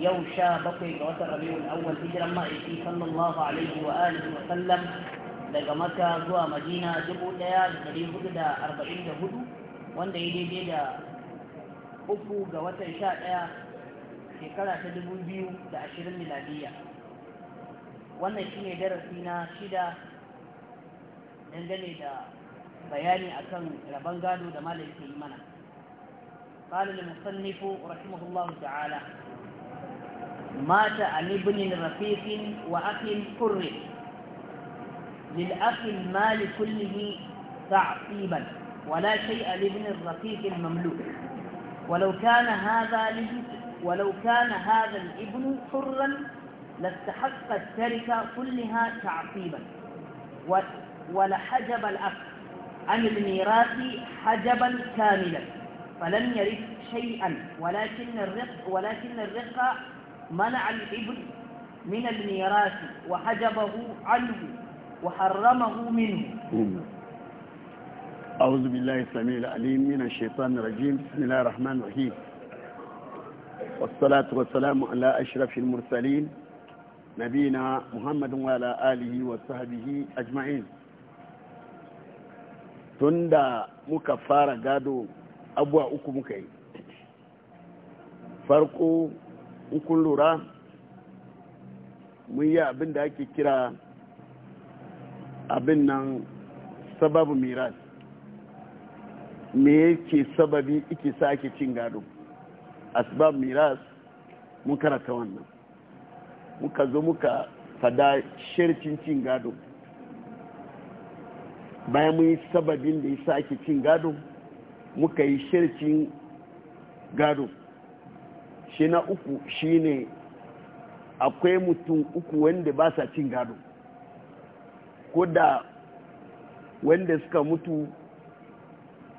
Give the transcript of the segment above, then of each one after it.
yau sha bakwai ga watan rabiul awwal hijiran ma'aiki sallallahu alaihi wa alihi wa daga mata zuwa madina dubu ɗaya da ɗari hudu da arba'in da hudu wanda ya daidai da uku ga watan sha ɗaya shekara ta dubu biyu da ashirin miladiya wannan shine darasi na shida dangane da bayani akan rabon gado da malam mana قال المصنف رحمه الله تعالى مات عن ابن رفيق وأخ حر للأخ المال كله تعصيبا ولا شيء لابن الرفيق المملوك ولو كان هذا ولو كان هذا الابن حرا لاستحق التركة كلها تعصيبا ولحجب الأخ عن الميراث حجبا كاملا فلم يرث شيئا ولكن الرق ولكن الرق منع الإبن من الميراث وحجبه عنه وحرمه منه أعوذ بالله السميع العليم من الشيطان الرجيم بسم الله الرحمن الرحيم والصلاة والسلام على أشرف المرسلين نبينا محمد وعلى آله وصحبه أجمعين تندى مكفارة قادو gado abuwa فرقوا in kun lura mun yi abin da ake kira abin nan sababu miras me yake sababi ike sa ake cin gado sababu miras mun karata wannan muka zo muka fada shirkin cin gado bayan mun yi sababin da ya sa ake cin gado muka yi shirkin gado shi na uku shine akwai mutum uku wanda ba sa cin gado ko da wanda suka mutu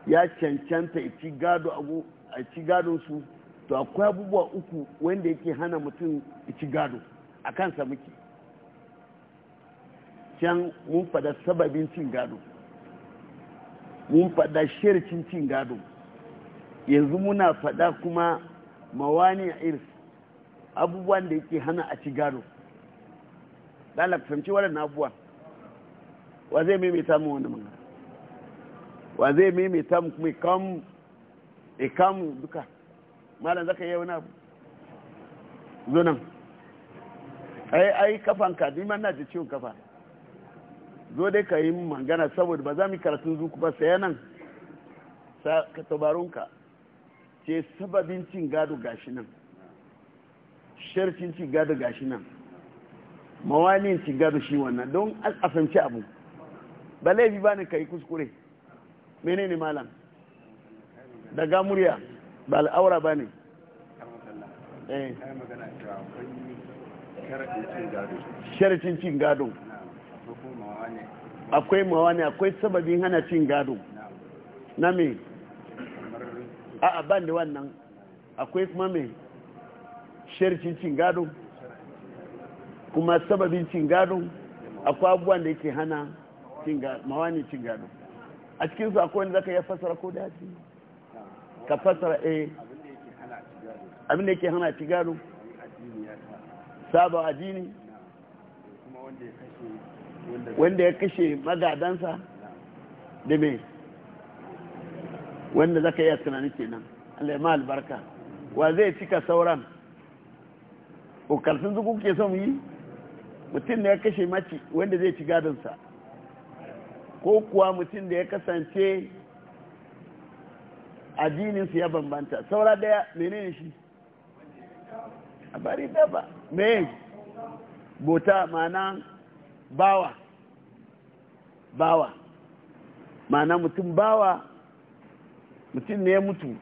ya cancanta a ci gado su to akwai abubuwa uku wanda yake hana mutum ci gado a kansa muke can mun fada sababin cin gado mun fada shircin cin gado yanzu muna fada kuma mawani irs abubuwan da yake hana a ci gado dala fahimci waɗannan abubuwan wa zai maimaita mu wani magana wa zai maimaita mu kuma ya ikam duka malam zaka yi wani abu zonan ai ai kafan ka ni na ji ciwon kafa zo dai ka yi magana saboda ba za mu karatun zuku ba saya nan sa ka tabarunka ce sababin cin gado gashi nan sharcin cin gado gashi nan mawanin cin gado shi wannan don a abu ba laifi ba ne ka yi kuskure menene malam daga murya ba al'aura ba ne eh. sharcin cin gado akwai mawane akwai sababin hana cin gado na me a ban da wannan akwai kuma mai sharcin cin gado kuma sababin cin gado akwai abubuwan da yake hana mawani cin gado a cikinsu akwai wanda zaka ya fasara ko daji ka fasara a eh. abin da yake hana ci gado saba addini wanda ya kashe magadansa da mai wanda za ka iya tunani kenan allah ma albarka wa zai cika sauran ƙoƙarfin zuku ke son yi mutum da ya kashe maki wanda zai ci gadonsa ko kuwa mutum da ya kasance addininsu ya bambanta saura daya menene shi a bari daba me bota mana bawa bawa mana mutum bawa mutum ne ya mutu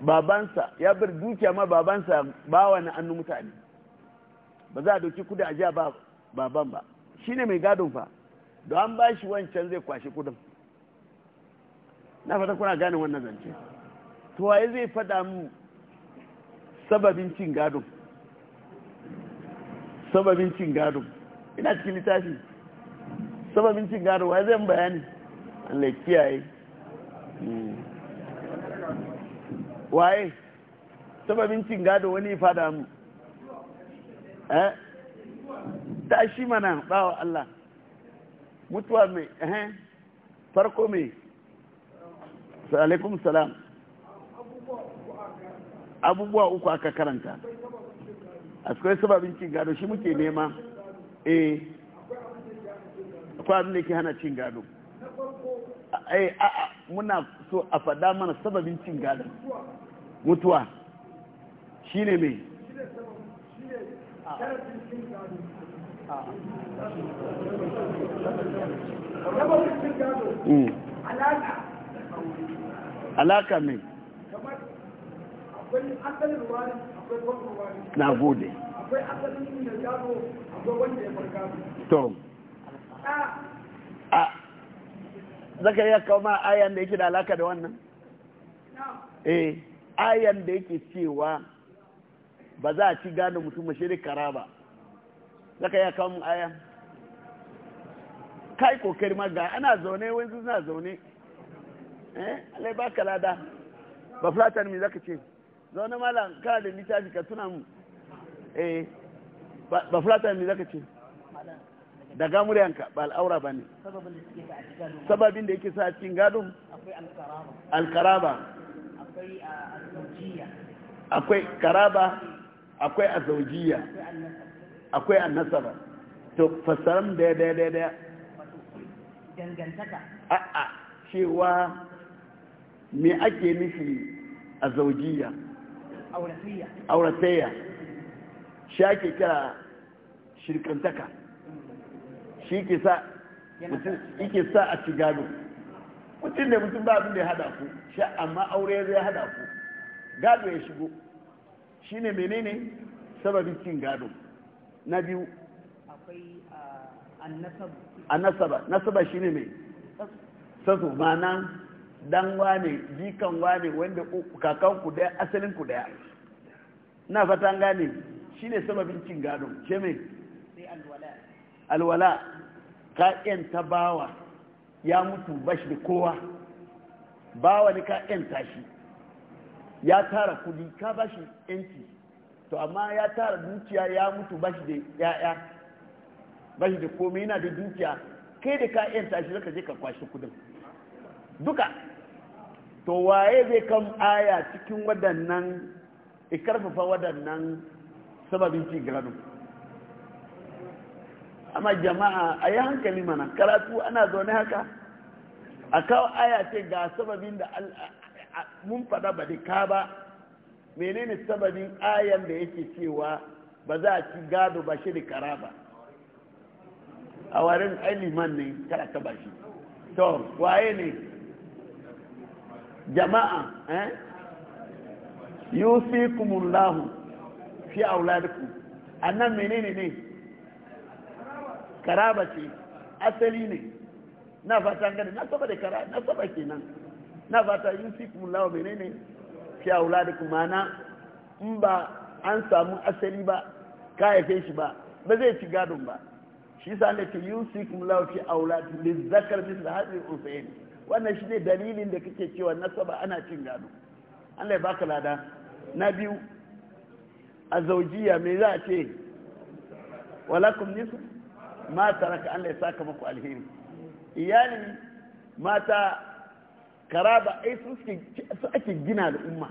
babansa ya bar dukiya ma babansa bawa na annu mutane ba za a doki kudi a ja ba baban ba shi ne mai gadon fa da an ba shi wancan zai kwashe kudin na fata kuna gane wannan zance to waye zai fada mu sababin cin gadon sababin cin gadon ina cikin littafi sababin cin gadon waye zai bayani Allah kiyaye hmm. waye sababin cin gado wani fada mu eh ta shi mana bawa Allah mutuwa mai eh farko mai alaikum salam abubuwa uku aka karanta a cikin sababin cin gado shi muke nema eh abin da ke hana cin gado ai a'a muna so a faɗa mana sababin cin gadon mutuwa shine mai hmm. alaka mai na gode akwai zaka iya kawo ma ayan da yake da alaka da wannan eh ayan da yake cewa ba za a ci gane mutum mashi da kara ba zaka iya kawo mu ayan kai kokari ma ga ana zaune wani suna zaune eh alai ba ka lada ba flatan me zaka ce zaune malam ka da littafi ka tuna mu eh ba flatan me zaka ce daga muryanka ba al'aura ba ne sababin da yake sa a cikin gadon alkaraba ah, akwai karaba akwai azaujiya akwai annasaba to fassaram daya daya daya daya dangantaka a'a cewa me ake nufi azaujiya auratayya shi ake kira shirkantaka shi ke sa yake sa a ci gado mutum da mutum ba abin da ya hada ku sha amma aure zai hada ku gado ya shigo shi ne menene sababin cin gado na biyu akwai a nasaba ne mai sasu ma'ana dan wane jikan wane wanda kakan ku daya asalin ku daya na fatan gane shi ne sababin cin gado ce mai alwala ka ta bawa ya mutu bashi da kowa bawa ne ka ta shi ya tara kudi ka bashi yanci to amma ya tara dukiya ya mutu bashi da ya'ya bashi da komai yana da dukiya kai da ka ta shi zaka je ka kwashe kudin duka to waye zai kan aya cikin waɗannan ikarfafa waɗannan sababin ci amma jama'a a yi hankali mana karatu ana zaune haka a kawo aya ce ga sababin da mun fada ba ka ba menene sababin ayan da yake cewa ba za a ci gado ba shi da kara ba a warin aliman ne karata ba shi to waye ne jama'a eh yusikumullahu fi auladikum annan menene ne karaba ce asali ne na fata gani na saba da karaba na saba kenan na fata yusikum lawa menene fi kuma mana in ba an samu asali ba ka haife shi ba ba zai ci gadon ba shi sa ne ke yusikum lawa fi auladikum lizzakar misal hadri ne wannan shi ne dalilin da kake cewa na saba ana cin gado an lai baka lada na biyu a zaujiya me za a ce walakum nisu Mata raka Allah ya saka muku alheri iyalin mata karaba ai su ake gina al'umma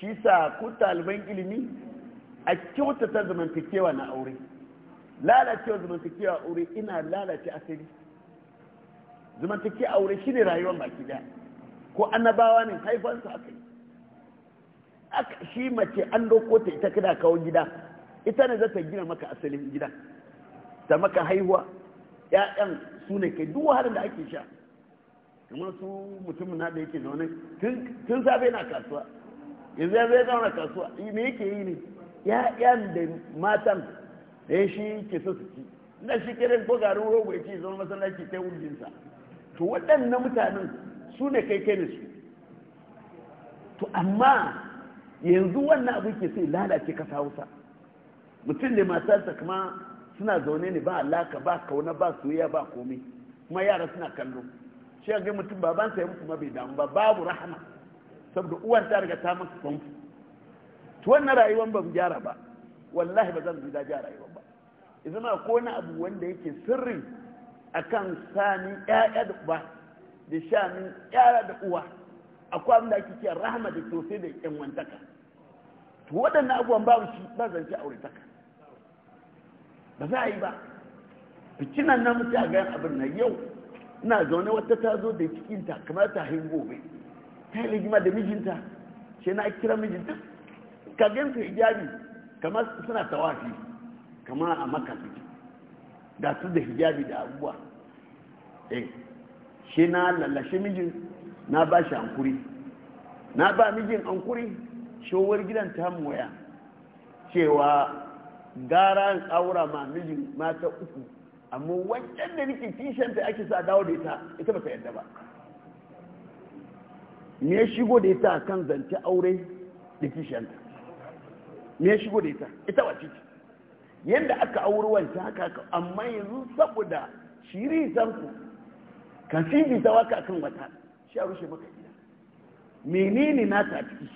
shi sa ku taliban ilimi a kyautata zamantakewa na aure lalacewa zamantakewa aure ina lalace asali zamantake aure shine rayuwar baki daya ko annabawa ne haifansu aka yi shi mace an doko ta ita kada kawo gida ita ne za ta gina maka asalin gida ta maka haihuwa 'ya'yan su ne kai duk wahalar da ake sha kamar su mutumin na da yake zaune tun safe na kasuwa yanzu ya zai zauna kasuwa me yake yi ne 'ya'yan da matan da ya shi ke so su ci na shi kere ko garin rogo ya ce zama masallaci ta wujinsa to waɗannan mutanen su ne kai kai su to amma yanzu wannan abu ke sai lalace kasa hausa mutum da matarsa kuma suna zaune ne ba alaka ba kauna ba soyayya ba komai kuma yara suna kallo shi ya ga mutum baban sa ya mutu ma bai damu ba babu rahama saboda uwan ta riga ta masa famfo to wannan rayuwar ba mu gyara ba wallahi ba zan ji daji a rayuwar ba izama ko wani abu wanda yake sirri akan sani ƴaƴa da uba da shanin ƴaƴa da uwa akwai abin da ake cewa rahama da sosai da ƴan wantaka to waɗannan abubuwan babu shi ba ci aure taka ba za a yi ba fitinan na mutu a gayan abin na yau ina zaune wata ta zo da cikinta kamar ta hin gobe ta yi rigima da mijinta ce na kira mijinta ka su hijabi kamar suna tawafi kamar a maka su da su da hijabi da abubuwa eh shi na lallashe mijin na ba shi hankuri na ba mijin hankuri shawar gidan ta waya cewa gara in aura ma miji mata uku amma wancan da nake kishanta ake sa dawo da ita ita ba ta yadda ba me ya shigo da ita kan zance aure da ta me ya shigo da ita ita wace ce yadda aka auri wancan haka amma yanzu saboda shiri zanku, ka fifi ta waka kan wata shi a rushe maka gida menene na ta ciki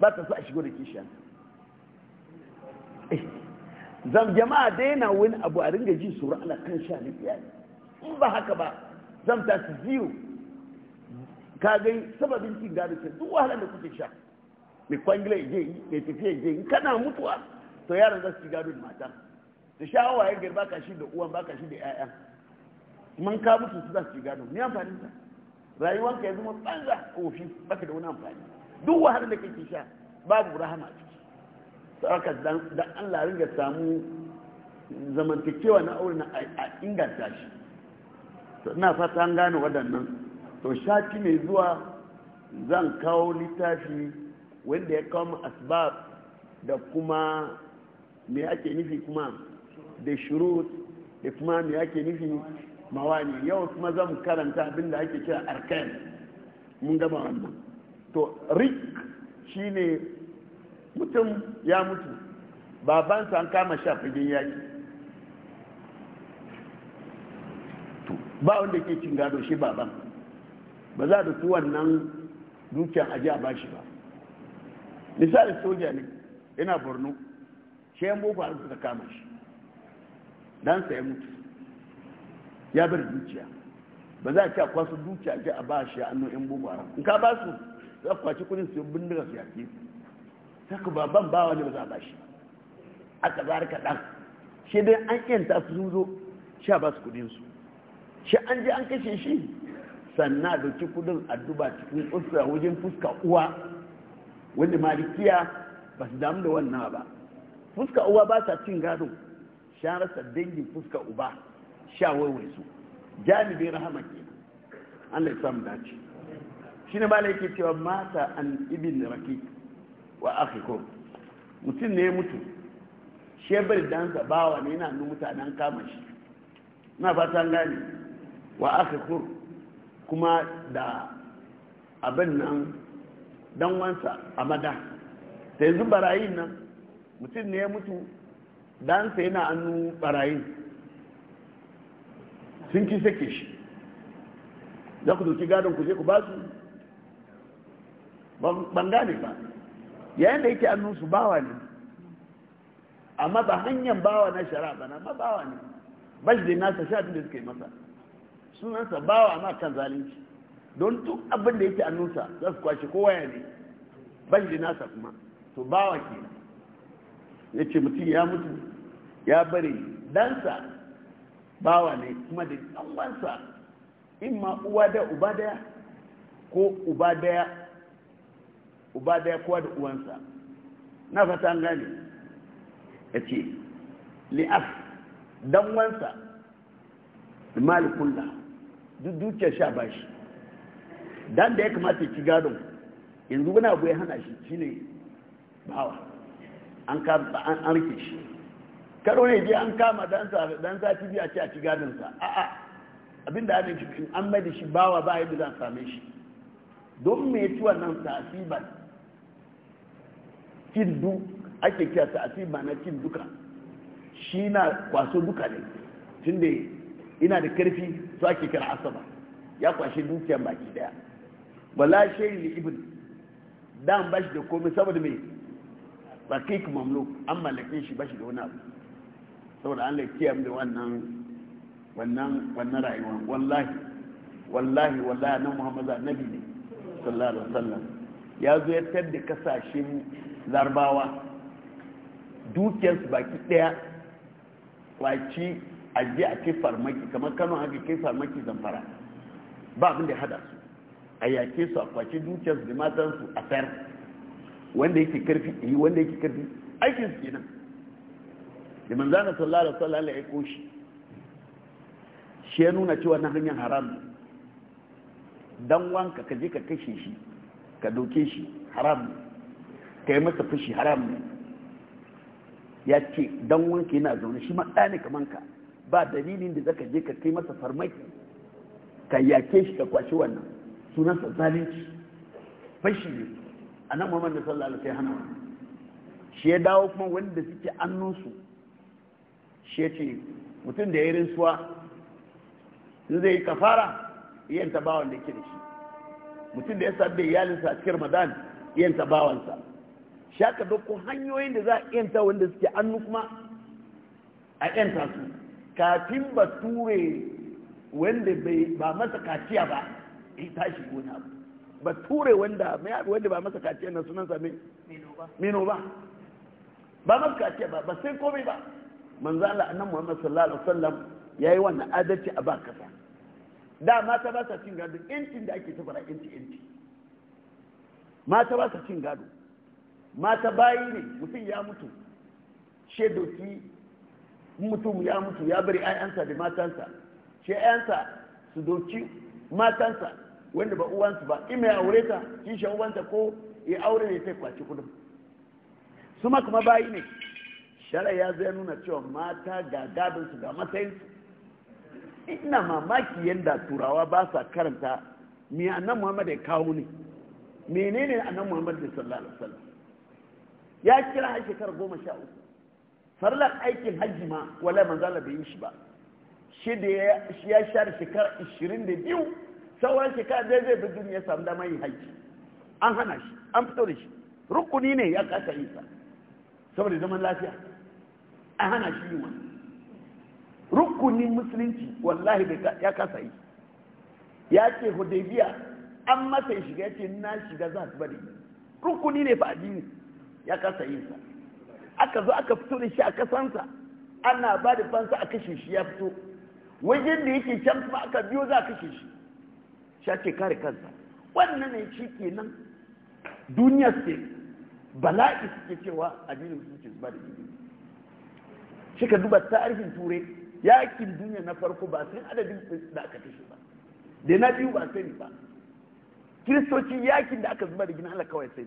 ba ta so a shigo da ta zan jama'a daina wani abu a ringa ji tsoron ana kan sha ni biya in ba haka ba zan ta su ziyo ka gai sababin cin gado ce duk wahalar da kuke sha mai kwangila je yi mai tafiya je yi kana mutuwa to yaran za su ci gado da matan da shawawa ya girba ka shi da uwan ka shi da 'ya'yan man ka mutu su za su ci gado ni amfani ta rayuwanka ya zama banza kofi baka da wani amfani duk wahalar da kake sha babu rahama ce saka dan Allah ringa samu zamantakewa na aure na a inganta shi to ina fata an gane waɗannan to shafi mai zuwa zan kawo littafi wanda ya kawo mu asbab da kuma me ake nufi kuma da shurut da kuma me ake nufi mawani yau kuma zan karanta abinda ake kira arkan mun gaba wannan to rik shine mutum ya mutu babansa an kama sha fagen yaki ba wanda ke cin gado shi baban ba za da su wannan dukiyar aji a bashi ba misali soja ne yana borno shi yan boko haram suka kama shi dan sa ya mutu ya bar dukiya ba za a ci a kwasu dukiya a ba shi a hannun yan boko haram in ka ba su za kwaci kudin su bindiga su yake su saka baban ba wani ba za a ba shi aka kaɗan shi dai an yanta su zo sha ba su kudinsu shi an ji an kashe shi sannan da dauki kudin a duba cikin ƙusa wajen fuska uwa wanda malikiya ba su damu da wannan ba fuska uwa ba sa cin gado sha rasa dangin fuska uba sha waiwai su jami'in rahama ke Allah ya samu dace shi ne ba yake cewa mata an ibin rakik wa akhikum mutum ne mutu shebar dansa bawa ne yana nuna mutanen kama shi na fatan gane wa akhikum kuma da abin nan dan wansa a mada ta yanzu barayin nan mutum ne ya mutu dansa yana annu barayin sun ki sake shi za ku doki gadon ku je ku ba su ban gane ba yayin da yake annunsu bawa ne amma ba hanyar bawa na shara ba na bawa ne bashi nasa sha da suka yi masa sunansa bawa amma kan zalunci don duk abin da yake annunsa za su kwashe kowa ya ne bashi nasa kuma to bawa ke ya ce mutum ya mutu ya bari dansa bawa ne kuma da wansa in ma uwa da uba daya ko uba daya uba ya kowa da uwansa na fata an gane ya ce li'af dan wansa malikulla duk dukiyar sha shi, dan da ya kamata ci gadon yanzu wani abu ya hana shi ne bawa an kama an arke shi karo ne biya an kama dan sati biya ce a ci gadonsa a'a abinda an an mai da shi bawa ba yadda zan same shi don mai ya ci wannan tasibar kindu ake kira ta ma na kin duka shi na kwaso duka ne tun da ina da karfi su ake kira asaba ya kwashe dukiyar baki daya wala shayi ne ibn dan bashi da komai saboda mai rakik mamlo an mallakin shi bashi da wani abu saboda an lafiya da wannan wannan wannan rayuwa wallahi wallahi wallahi nan muhammad annabi ne sallallahu alaihi wasallam ya zo ya tadda kasashen Zarbawa dukiyarsu baki daya kwaci aje a ke farmaki kamar kano haka kai farmaki zamfara ba abin da hada su a yake su a kwaci dukiyarsu da matansu a sayar wanda yake karfi yi eh, wanda yake karfi aikin su kenan da manzana da alaihi wasallam ya koshi shi ya nuna cewa na hanyar haram dan wanka ka je ka kashe shi ka doke shi haram kai masa fushi haram ne ya ce don wanka yana zaune shi maɗa ne kaman ka ba dalilin da zaka je ka kai masa farmaki ka yake shi ka kwashi wannan sunansa zalunci fashi ne a nan muhammadu sallallahu alaihi wasallam shi ya dawo kuma wanda suke annonsu. shi ya ce mutum da ya yi rinsuwa in zai yi kafara iyan tabawan da ke da shi mutum da ya sabbe iyalinsa a cikin ramadan iyan tabawansa shaka dauko hanyoyin da za a yanta wanda suke annu kuma a yanta su kafin ba ture wanda ba masa kaciya ba ya tashi gona abu ba ture wanda wanda ba masa kaciya na sunan sami mino ba ba masa kaciya ba ba sai komai ba manzo Allah annabi Muhammad sallallahu alaihi wasallam yayi wannan adalci a ba kasa da mata ba sa cin gado intin da ake tafara intin intin mata ba sa cin gado mata bayi ne mutum ya mutu she doki mutum ya mutu ya bari ayansa da matansa she ayansa su doki matansa wanda ba uwansu ba in mai aure ta shi uwanta ko ya aure ne sai kwaci kudin su ma kuma bayi ne shara ya zai nuna cewa mata ga gadinsu ga matsayinsu ina mamaki yadda turawa ba sa karanta me annan muhammad ya kawo ne menene annan muhammad da sallallahu alaihi wasallam ya kira a shekara goma sha uku farlar aikin hajji ma wala manzala bai yi shi ba shi da ya share shekara ishirin da biyu sauran shekara zai zai bi duniya samu dama yin hajji an hana shi an fito da shi rukuni ne ya kasa yi sa saboda zaman lafiya an hana shi yi wani rukunin musulunci wallahi ya kasa yi ya ce hudaybiya an masa shiga ya ce na shiga za su bari rukuni ne fa addini ya kasa yin sa aka zo aka fito da shi a kasansa ana ba da fansa a kashe shi ya fito wajen da yake can kuma aka biyo za a kashe shi shi ake kare kansa wannan ne shi kenan duniya suke bala'i suke cewa addinin musulunci ba da gidi shi ka duba tarihin turai yakin duniya na farko ba sai adadin da aka kashe ba da na biyu ba sai ba kiristoci yakin da aka zuba da gina ala kawai sai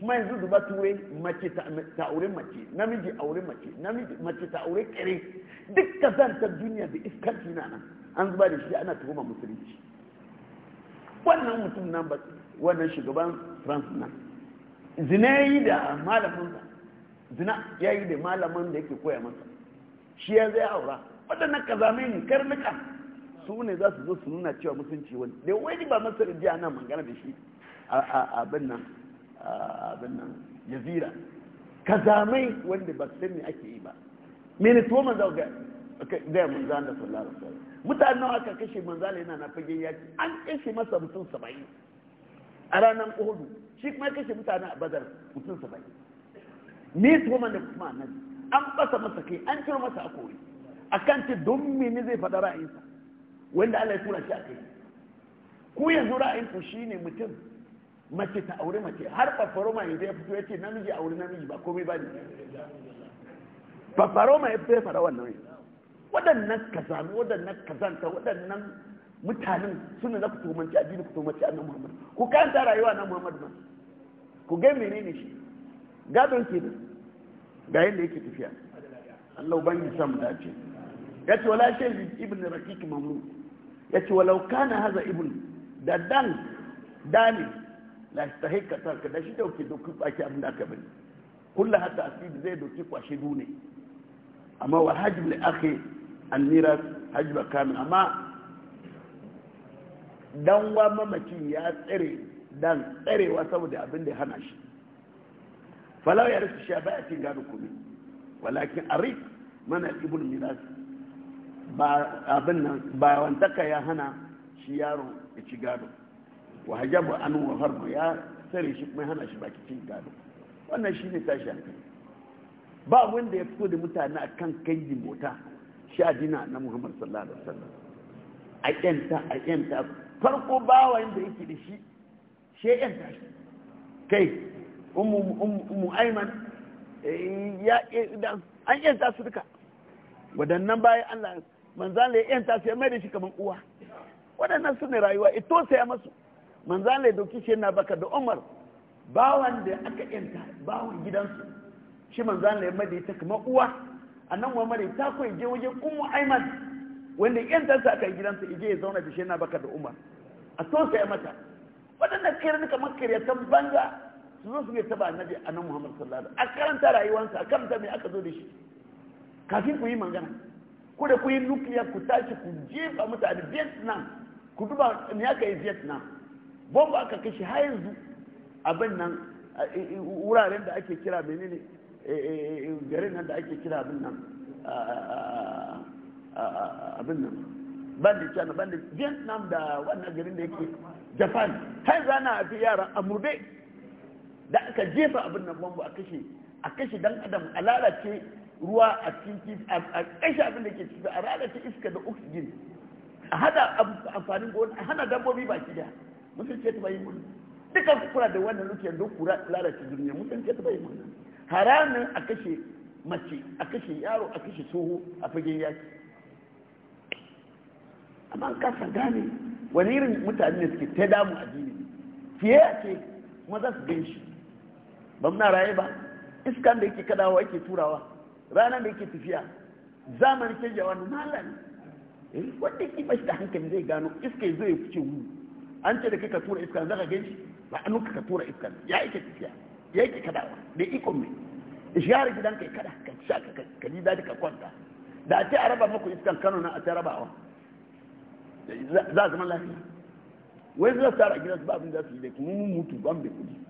kuma yanzu duba ture mace ta aure mace namiji aure mace namiji mace ta aure kare duk zanta duniya da iskanci na nan an zuba da shi ana tuhuma musulunci wannan mutum nan ba wannan shugaban france nan zina yi da malaminsa zina ya yi da malamin da yake koya masa shi ya zai aura waɗannan kazamai ne karnuka su ne za su zo su nuna cewa musulunci wani da wani ba masarar jiya nan mangana da shi a abin nan abin Ka zamai wanda ba san me ake yi ba mene to manzo ga ga manzo da sallallahu alaihi wasallam mutanen nawa aka kashe manzo yana na fage yaki an kashe masa mutum 70 a ranar kohudu shi kuma kashe mutanen a bazar mutum 70 ne to manzo kuma nan an fasa masa kai an ciro masa a kori. A kan ce don mene zai fada ra'ayinsa wanda Allah ya tura shi a kai ku yanzu ra'ayinku ne mutum mace ta aure mace har fafaroma ya zai fito ya ce namiji aure namiji ba komai ba ne fafaroma ya fito fara wannan yi waɗannan sami waɗannan zanta waɗannan mutanen suna na fito manci addini fito a annan muhammad ku ta rayuwa na muhammad ma ku ga menene shi gadon ke da ga yadda yake tafiya Allah ubangi sam dace yace wala shay ibn raqiq mamluk yace walau kana haza ibn da dan dani la yastahiq tarka da shi dauke doki baki abin da aka bari kullu hatta asid zai doki kwashi dune amma wal hajm li akhi an miras hajba kamil amma dan wa mamacin ya tsare dan tsarewa saboda abin da ya hana shi falau ya rasu sha baya cin gado kome walakin arif mana ibn miras ba abin nan ba ka ya hana shi yaro ya ci gado wa hajabu an wa harbu ya tsare shi kuma hana shi baki cin gado wannan shi ne tashi an kai ba wanda ya fito da mutane a kan kanji mota sha dina na muhammad sallallahu alaihi wasallam a yanta a yanta farko bawa da yake da shi she yanta shi kai ummu aiman ya idan an yanta su duka waɗannan bayan allah manzan ya yanta su ya mai da shi kamar uwa waɗannan su ne rayuwa ito sai ya masu manzala ya dauki shi yana baka da umar bawan da aka yanta bawan gidansu shi manzala ya mada ita kama uwa nan muhammad ya ta koyi je wajen ummu aiman wanda yanta sa aka gidansa ije ya zauna da shi yana baka da umar a sai ya mata waɗanda kirin kamar ta banza su zo su ne taba annabi nan muhammad sallallahu alaihi a karanta rayuwarsa a karanta mai aka zo da shi kafin ku yi magana ko da ku yi nukiliya ku tashi ku jefa mutane vietnam ku duba ne aka yi vietnam bomba aka kashe har yanzu abin nan wuraren da ake kira menene e, e, e, garin nan da ake kira abin nan abin nan bandit china bandit vietnam da wannan garin da yake japan har yanzu a fi a amurbe da aka jefa abin nan bomba a kashe a kashe dan adam a lalace ruwa a cikin a kashe abin da ke ciki a lalace iska da oxygen a hada amfanin gona a hana dabbobi baki daya musulunci ta bayi mun duka ku da wannan lokacin duk kura lalace duniya musulunci ta bayi mun haramin a kashe mace a kashe yaro a kashe tsoho a fagen yaki amma kasa gane wani irin mutane ne suke ta damu a jini fiye a ce maza su gan shi ba muna raye ba iskan da yake kadawa yake turawa ranar da yake tafiya zamanin canjawa na malami eh, wanda yake bashi da hankali zai gano iska zai fice wuri an ce da kaka tura iska zaka shi ba an ka tura iska ya yake tafiya ya yake kada da ikon mai ishiyar gidan kai kada ka sha ka kaji daji ka kwanta da ce a raba muku iskan kano na a ta rabawa za a zama lafiya wai zai tsara gidan su ba abin da su yi da kuma mun mutu ban da kudi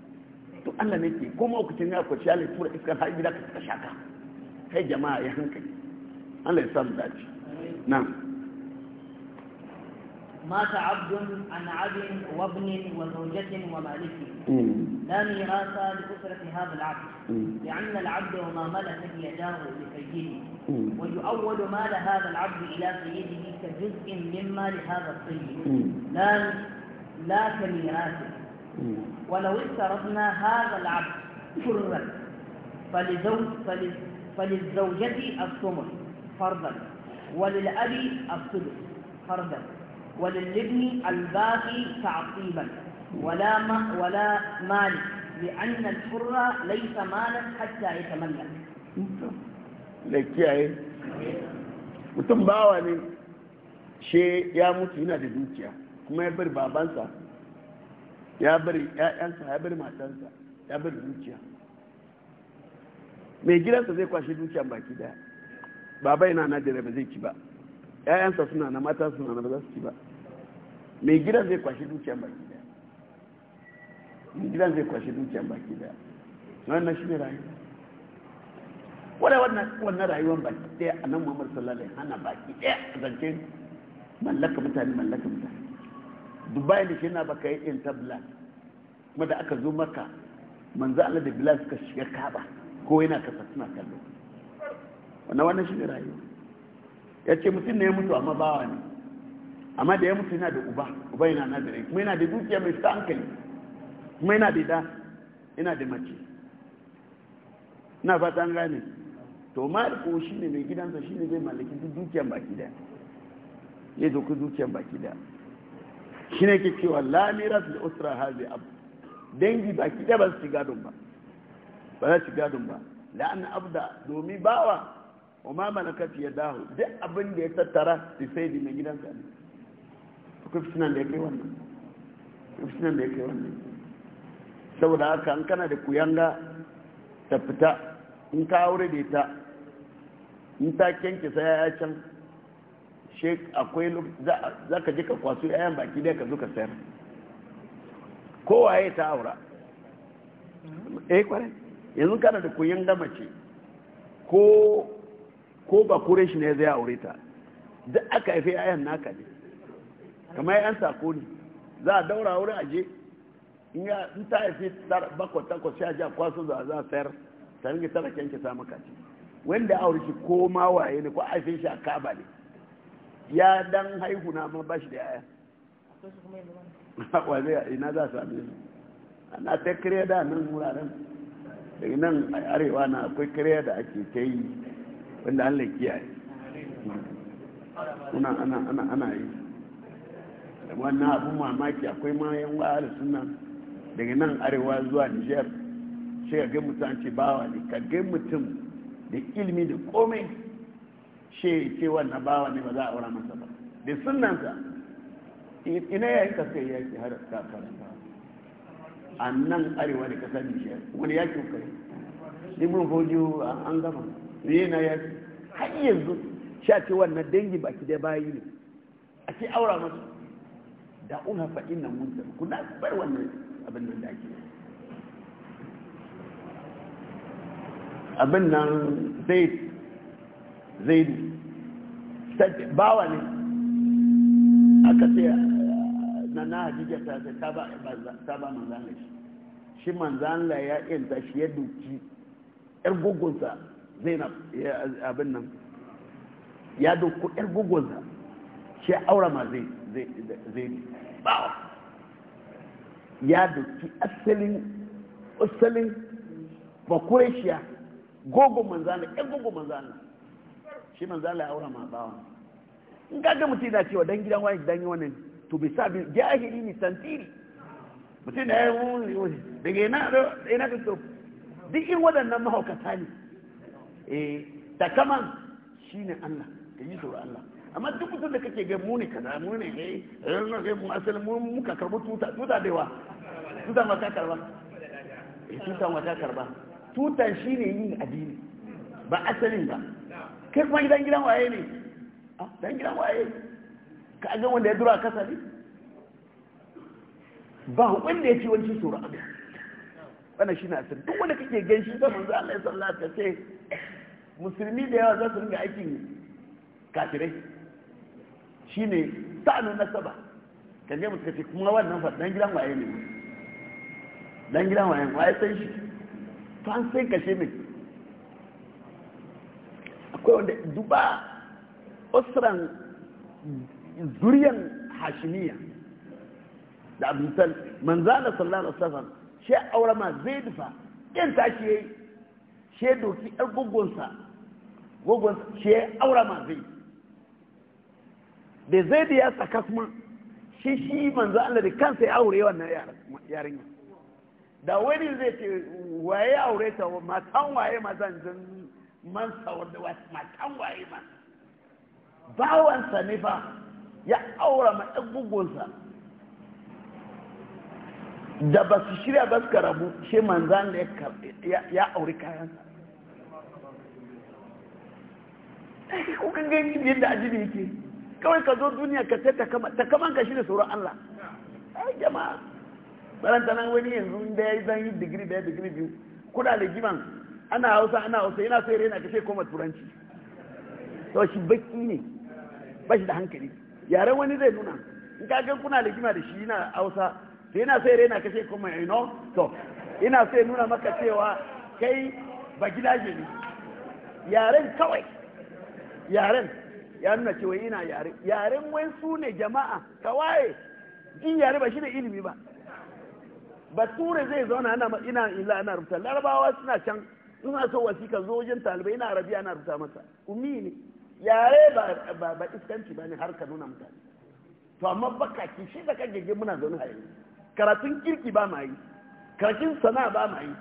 to Allah ne ke kuma tinya ku sha Allah tura iskan har gidan ka shaka kai jama'a ya hankali Allah ya samu dace na'am مات عبد عن عبد وابن وزوجة ومالك لا ميراث لأسرة هذا العبد لأن العبد وما ملكت يداه لسيده ويؤول مال هذا العبد إلى سيده كجزء من مال هذا السيد لا لا كميراثه ولو افترضنا هذا العبد حرا فلزوج فللزوجة الثمن فرضا وللأب الثلث فرضا وللابن الباقي تعصيبا ولا ما ولا مال لأن الحر ليس مالا حتى يتملك lekiyaye mutum bawa ne she ya mutu yana da dukiya kuma ya bari babansa ya bari 'ya'yansa ya bari matansa ya bari dukiya mai gidansa zai kwashe dukiya baki daya baba yana na da ba zai ci ba 'ya'yansa suna na matansa suna na ba za su ci ba mai gidan zai kwashi dukiyar baki daya mai gidan zai kwashi dukiyar baki daya wannan shi ne rayuwa wadda wannan rayuwar baki daya a nan muhammadu sallallahu hana baki daya a zance mallaka mutane mallaka mutane dubai da shi na baka yi tabla kuma da aka zo maka manzo Allah da bilal suka shiga kaba ko yana kasa suna kallo wannan wannan shi ne rayuwa ya ce mutum ne ya mutu amma bawa ne amma da ya mutu yana da uba uba yana na dare kuma yana da dukiya mai sa hankali kuma yana da da yana da mace na fata an gane to mariko shi ne mai gidansa shi ne zai mallaki duk dukiyan baki da ya zoki dukiyan baki da shi ne ke cewa lamiras da usra hazi abu dangi baki da ba su shiga don ba ba za su shiga don ba la'an da domin bawa wa ma malakat ya dahu duk abin da ya tattara da sai da mai gidansa ne akwai fitinan da ya kai wannan fitinan da ya kai wannan saboda haka an kana da kuyanga ta fita in ka aure da ita in ta kyanke sai ya can shek akwai za ka je ka kwaso yayan baki dai ka zo ka sayar kowaye ta aura eh kwarai yanzu kana da kuyanga mace ko ko ba kure shi ne zai aure ta duk aka haife yayan naka ne kamar yan sako ne za a daura wurin aje in ta haifi bakwai takwas sha ja kwaso za a sayar ta ringa tara kyanke sa maka ce wanda aure shi ko ma waye ne ko haifin shi a kaba ne ya dan haihu na ma bashi da yaya a ina za su abin ana ta kiriya da nan wuraren da nan arewa na akwai kiriya da ake ta yi wanda an laiki yayi ana ana ana ana yi wannan abu mamaki akwai ma yan wa'ala suna daga nan arewa zuwa nijar sai ka ga mutum ce bawa ne ka ga mutum da ilimi da komai shi ce wannan bawa ne ba za a wura masa ba da sunansa ina yi ka sai yi har ka karanta a nan arewa da kasar nijar wani ke kai ni mun hojo an gama ne na yaki har yanzu sha ce wannan dangi baki da bayi ne a ce aura masa da una fa inna munkar ku da bar wannan abin da ake abin nan zai zai bawa ne aka ce na na hajjiyar ta ce ta ba manzan da shi shi manzan la ya yanta shi ya duki yar gugunsa zainab abin nan ya duku yar gugunsa shi aura ma zai zaidi ya doki asalin asalin bakureshiya gogo manzana ya gogo manzana shi manzana ya aura mabawa in kaga mutum na cewa dan gidan wani dan yi wannan to bai sa bi jahili ne santiri mutum da ya yi daga yana da yana da to duk in waɗannan mahaukata ne eh shi ne Allah ka yi tsoro Allah amma duk mutum da kake gan muni kaza muni ne yanzu eh, na kai mu asali mu muka karbi tuta tuta da yawa tuta ma ka karba eh, tuta ma ka karba tutan shine yin addini ba asalin ba kai kuma gidan gidan waye ne ah, dan gidan waye ka ga wanda ya dura kasa ne ba wanda ya ci wani tsoron abin wannan shi na asali duk wanda kake gan shi da manzo Allah ya sallata sai musulmi da yawa za su ringa aikin kafirai shine sa'anin nasaba kan je mutu ce kuma wannan fa dan gidan waye ne dan gidan waye waye san shi to an sai kashe mai akwai wanda duba osran zuriyan hashimiya da abdulsal manzana sallallahu alaihi wasallam shi aure ma zai dufa kin tashi yayi shi doki yar gugunsa gugunsa shi aure ma zai da zai da ya saka kuma shi shi manzo Allah da kansa ya aure wannan yarinya da wani zai ce waye aure ta matan waye mazan zan man sawar da wasu matan waye ma bawansa ne fa ya aura ma ɗan gugunsa da ba su shirya ba su rabu shi manzan da ya aure kayansa kuka gani yadda ajiyar yake kawai ka zo duniya ka sai takaman ka shi da tsoron Allah ai jama'a baranta nan wani yanzu da ya zan yi digiri da ya digiri biyu kuna da giman ana hausa ana hausa yana sai rena ka sai koma turanci to shi baki ne ba shi da hankali yaren wani zai nuna in ka ga kuna da gima da shi yana hausa to yana sai rena ka sai koma ino to ina sai nuna maka cewa kai ba gidaje ne yaren kawai yaren ya nuna cewa ina yare yaren wai su ne jama'a kawaye in yare ba shi ne ilimi ba bature zai zauna ana ina ila ana rubuta larabawa suna can suna so wasika zo wajen talibai ina arabiya ana rubuta masa umi ne yare ba ba iskanci ba ne har ka nuna mutane to amma baka ki shi da kan gege muna zaune a yanzu karatun kirki ba ma yi karatun sana'a ba ma yi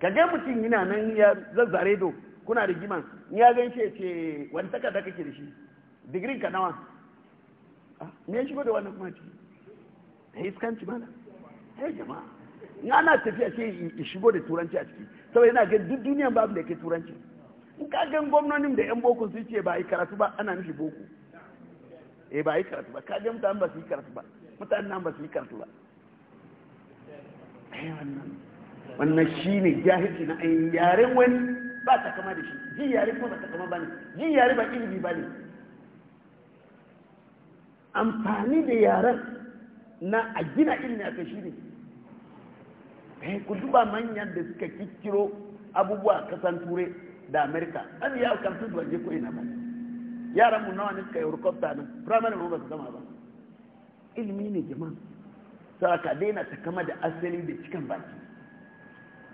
ka ga mutum yana nan ya zazzare do kuna rigima ni ya gan shi ce wani takarda kake da shi digirin ka nawa ah, me shigo da wannan kuma ciki da eh, iskanci mana ai eh, jama'a in ana tafiya ce shigo da turanci a ciki saboda yana gan duk duniyan babu da ke turanci in ka gan gwamnonin da yan boko sun ce ba a yi karatu ba ana nufi boko eh ba a yi karatu ba ka gan mutane ba su yi karatu ba mutane nan ba su yi karatu ba eh, wannan shi ne jahilci na ainihin yaren wani ba ta kama da shi jin yare kuma ba ta kama ba ne jin yare ba ilimi ba ne amfani da yaren na a gina ilimi a kashi ne eh ku duba manyan da suka kikiro abubuwa kasan turai da amerika an ya kan su waje ko ina ba yaran mu nawa ne suka yi rukwafta nan firamare ba su gama ba ilimi ne jama'a saraka daina ta kama da asali da cikin baki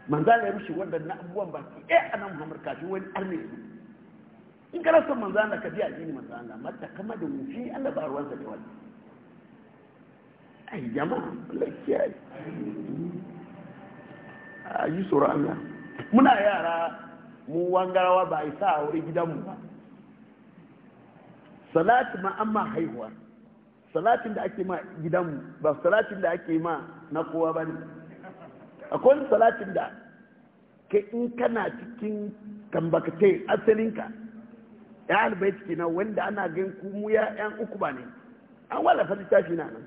manzala ya rushe waɗannan abubuwan ba ki ɗaya a nan muhammad kafin wani arne su in kana son manzala ka biya addini manzala mata kama da wufi allah ba ruwansa da wani ai jama'a lafiya a yi tsoron allah muna yara mu wangarawa ba a isa a wuri gidanmu ba salati ma an ma haihuwa salatin da ake ma gidanmu ba salatin da ake ma na kowa ba ne akwai salatin da ka in kana cikin kambakace asalinka ya albai wanda ana gan kumu ya yan uku ba ne an wallafa littafi na nan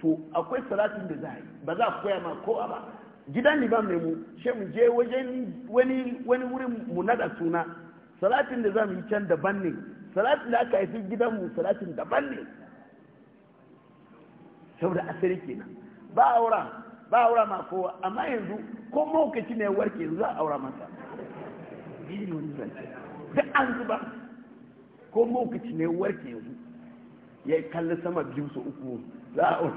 to akwai salatin da za a yi ba za a koya ma ko ba gidan liman mai mu she mu je wajen wani wani wurin mu nada suna salatin da za mu yi can daban ne salatin da aka haifi gidan mu salatin daban ne saboda asali kenan ba aura ba a ma mako amma yanzu ko maukaci ne warke yanzu za a wura masa da an zuba ko maukaci ne warke yanzu ya yi kalli sama biyu su uku za a wura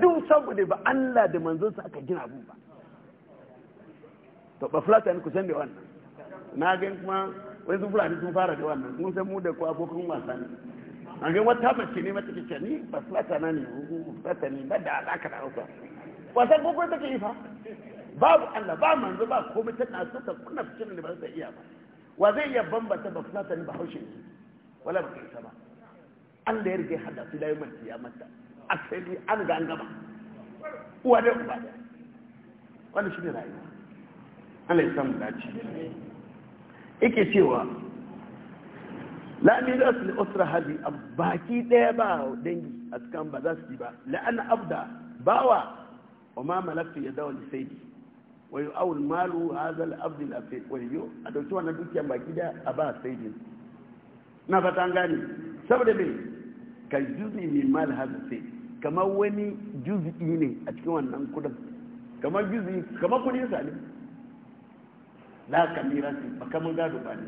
duk saboda ba Allah da manzonsa aka gina abu ba to ba fulatan ku san da wannan na gan kuma wani sun fulani sun fara da wannan mun san mu da ko abokan wasa ne an gan wata mace ne mata kicce ni ba flatan na ne ba flatan ne ba da alaka da hausa wasan gogo take yi fa babu Allah ba manzo ba komai tana saka kuna fitin da ba zai iya ba wa zai iya bambata ba fulata ne ba haushe ne wala ba kai ba Allah ya rige hada su layu mai a asali an ga an gaba uwa da uba da wannan shi ne rayuwa Allah ya samu dace yake cewa la'ani za su ne osra hali a baki ɗaya ba dangi a cikin ba za su yi ba la'ana abda bawa wa ma malafi ya dawa lisai ne wani awul malu a zala abdul afe wani yi a dauki wani dukiya ba gida a ba sai ne na fata an gani saboda mai ka juzi mai ma haza sai kama wani juzi yi ne a cikin wannan kudin kama juzi kama kudin sa ne la kamira sai ba kama gado ba ne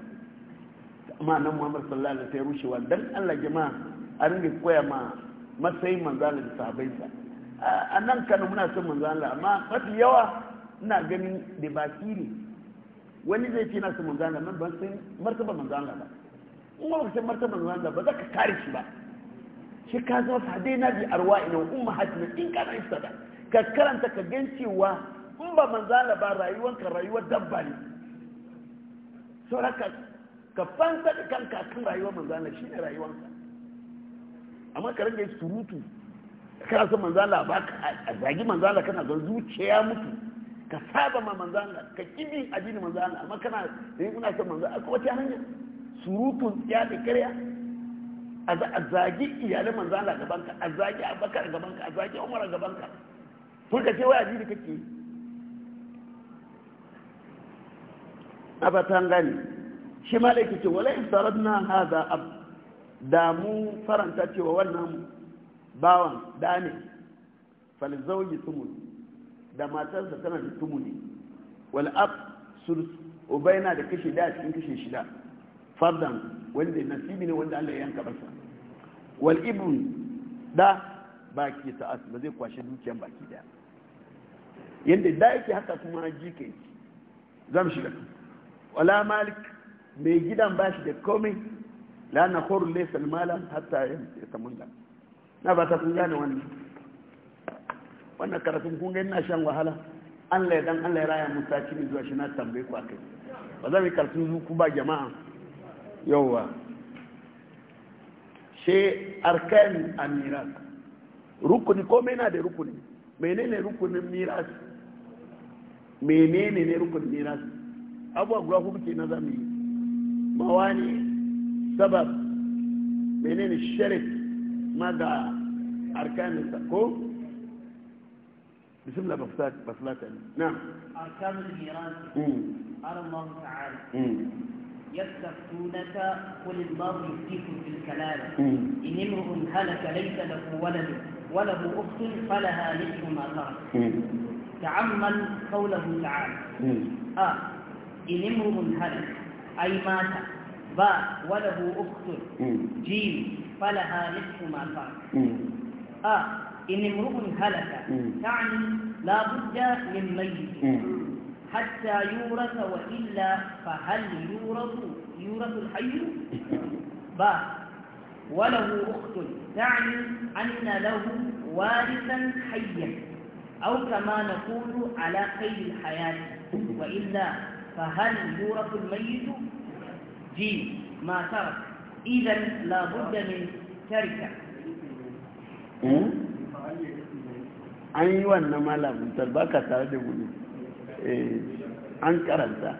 amma nan muhammadu sallallahu alaihi wa sallallahu alaihi wa sallallahu alaihi wa sallallahu alaihi wa sallallahu alaihi wa sallallahu alaihi wa sallallahu alaihi wa a nan kano muna son manzo Allah amma mafi yawa ina ganin da baki ne wani zai ce na son manzo Allah nan ban san martaba manzo Allah ba in ba ka san martaba manzo Allah ba za ka kare shi ba shi ka zama sadai na bi arwa ina umma na in ka nan sada ka karanta ka gan cewa in ba manzo Allah ba rayuwanka rayuwar dabba ne sauraka ka fansa da kanka kan rayuwar manzo Allah ne rayuwarka amma ka rage surutu kana son manzala ba a zagi manzala kana zan zuciya mutu ka saba ma manzala ka kibi addini manzala amma kana da eh, kuna son manzala ko wata hanya surutun ya da kariya a zagi iyalin manzala ka a zagi abakar ka a zagi umar gabanka ka ce wai addini kake na ba ta gani shi ma da yake ce wala iftaradna hada ab da mu faranta cewa wannan bawan da ne falzauji tumuni da matarsa tana da tumuni wal ab surs ubai na da kashe da cikin kashe shida fardan wanda nasibi ne wanda Allah ya yanka masa wal ibn da baki ta as ba zai kwashe dukiyan baki daya yanda da yake haka kuma jike zam shiga wala malik mai gidan bashi da komai la na khur laysa al mala hatta yatamulla na ba ta kun gane wannan wannan karatun kun gani na shan wahala an ya dan Allah ya raya mun cikin ne zuwa shi na tambaye ku akai ba zai mu zu zuku ba jama'a yawa she arkan amirat rukuni ko mena da rukuni menene rukunin miras menene ne rukunin miras abuwa guda hudu ke na zami yi mawani sabab menene sharif ماذا أركان التقوم بسم الله بفلات بفلات نعم أركان الميراث قال الله تعالى يستفتونك قل الله يفتيكم في الكلام إن امرؤ هلك ليس له ولد وله أخت فلها نصف ما ترك تعمل قوله تعالى آه إن امرؤ هلك أي مات باء وله أخت جيم فلها نصف ما ترك آه إن امرؤ هلك تعني لا بد من ميت حتى يورث وإلا فهل يورث يورث الحي با وله أخت تعني أن له وارثا حيا أو كما نقول على قيد الحياة وإلا فهل يورث الميت جيم ما ترك إذا لابد من تركة an yi wannan malamin ba tare da gudu an karanta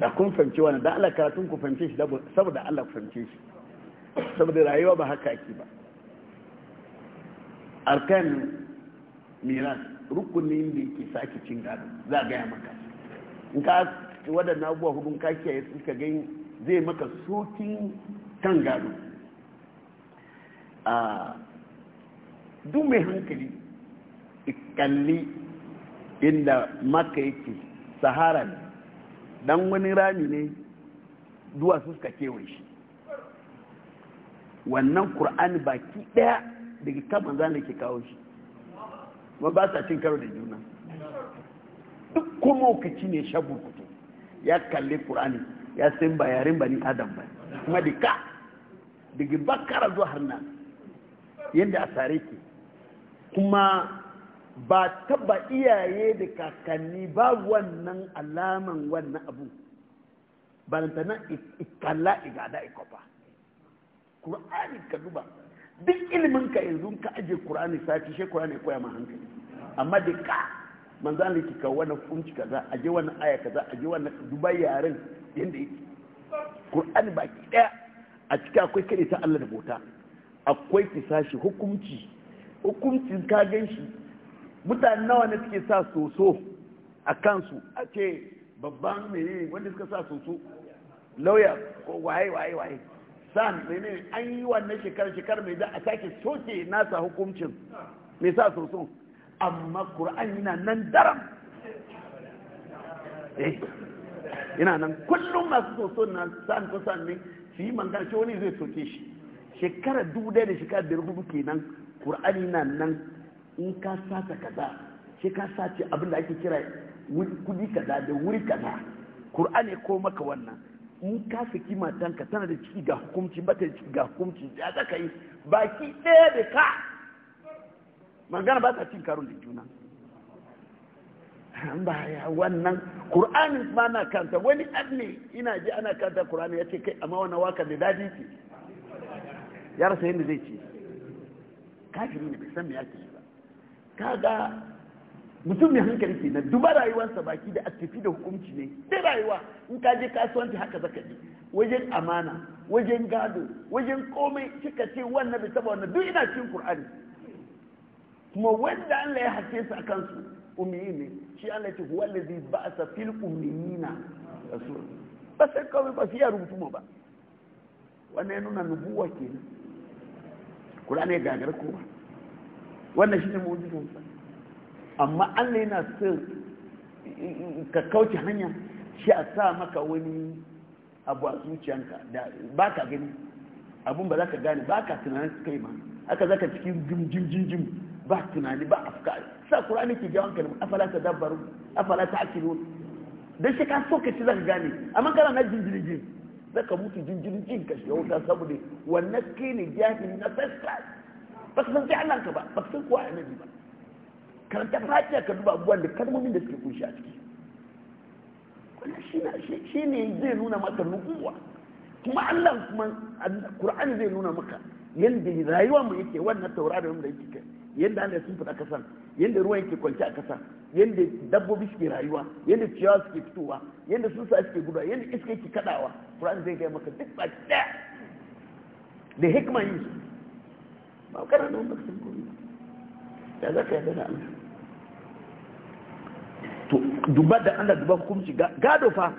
da kun fahimci wani da Allah karatun ku fahimce shi saboda Allah ku fahimce shi saboda rayuwa ba haka ake ba arkan miras rukunin da ke sake cin gado za a gaya maka in ka wadannan abubuwa hudun ka kiyaye su ka gani zai maka sokin kan gado duk mai hankali ikalli inda maka yake sahara ne dan wani rami ne duwatsu suka kewaye shi wannan kur'ani baki ɗaya daga kama za da ke kawo shi ma ba sa cin karo da juna duk kuma ukaci ne shabu kutu ya kalli qur'ani ya san ba yaren ni adam ba kuma da ka daga bakara zuwa har yadda a sare ke kuma ba taba iyaye da kakanni ba wannan alaman wannan abu balantana ikalla igada ikofa ƙur'ani ka duba duk ilimin ka yanzu ka aje qur'ani sati she qur'ani koya ma hankali amma da ka manzo Allah ki ka wannan kunci kaza aje wannan aya kaza aje wannan dubai yaren yanda yake qur'ani baki daya a cikin akwai kare ta Allah da bota akwai sashi hukunci hukunci ka ganshi mutane nawa ne suke sa soso a kansu a ce babban menene wanda suka sa soso lauya ko waye waye waye san mene an yi wannan shekarar shekarar mai za a sake soke nasa hukuncin mai sa soso amma ƙur'an yana nan daram eh, yana nan kullum masu soso na san ko san ne su yi mangana shi wani zai soke shi Shekarar dubu ɗaya da shekarar da rubu kenan ƙur'an yana nan in ka sata kaza shi ka sace abin da ake kira kudi kaza da wuri kaza ƙur'an ya ko maka wannan in ka saki matanka tana da ciki ga hukumci ba ta da ciki ga hukunci ya za ka yi baki ɗaya da ka magana ba ta cin karun da juna baya wannan ƙur'anin ma na kanta wani adne ina ji ana kanta ƙur'ani ya ce kai amma wani waka da daji ce ya rasa yadda zai ce kafin ne bai san me yake yi ba ga mutum mai hankali ke nan duba rayuwarsa baki da a da hukunci ne sai rayuwa in ka je kasuwanci haka zaka je wajen amana wajen gado wajen komai kika ce wannan bai taba wannan duk ina cikin qur'ani kuma wanda Allah ya hace su akan su ummiyi ne shi Allah ce huwa allazi ba'atha fil ummiyina rasul ba sai kawai ba sai rubutu mu ba wannan ya nuna nubuwa nan qur'ani ya gagara kowa wannan shine mu'jizansa amma allah yana so ka kauce hanya shi a sa maka wani abu a zuciyanka da ba ka gani abun ba za ka gane ba ka tunanin su kai ma aka zaka cikin jimjimjim ba tunani ba fuka sa kurani ke jawon kalma afala ta dabbaru afala ta akilu don shi ka so ka ci zaka gane amma kana na za ka mutu jimjimjim ka shi wuta saboda wannan kai ne jahili na first class ba ka san sai Allah ka ba ba ka san kowa annabi ba karanta fatiha ka duba abubuwan da kalmomin da suke kunshi a ciki wannan shi ne zai nuna maka nukuwa kuma allah kuma qur'ani zai nuna maka yadda rayuwa mu yake wannan tauraron da yake kai yadda allah sun fita kasan yadda ruwan yake kwanci a kasa yadda dabbobi suke rayuwa yadda ciyawa suke fitowa yadda sun suke guduwa yadda iska yake kadawa qur'ani zai gaya maka duk baki daya da hikma yin su ba karanta wannan sun koyi da ka yarda da allah to duba da Allah duba hukumci gado fa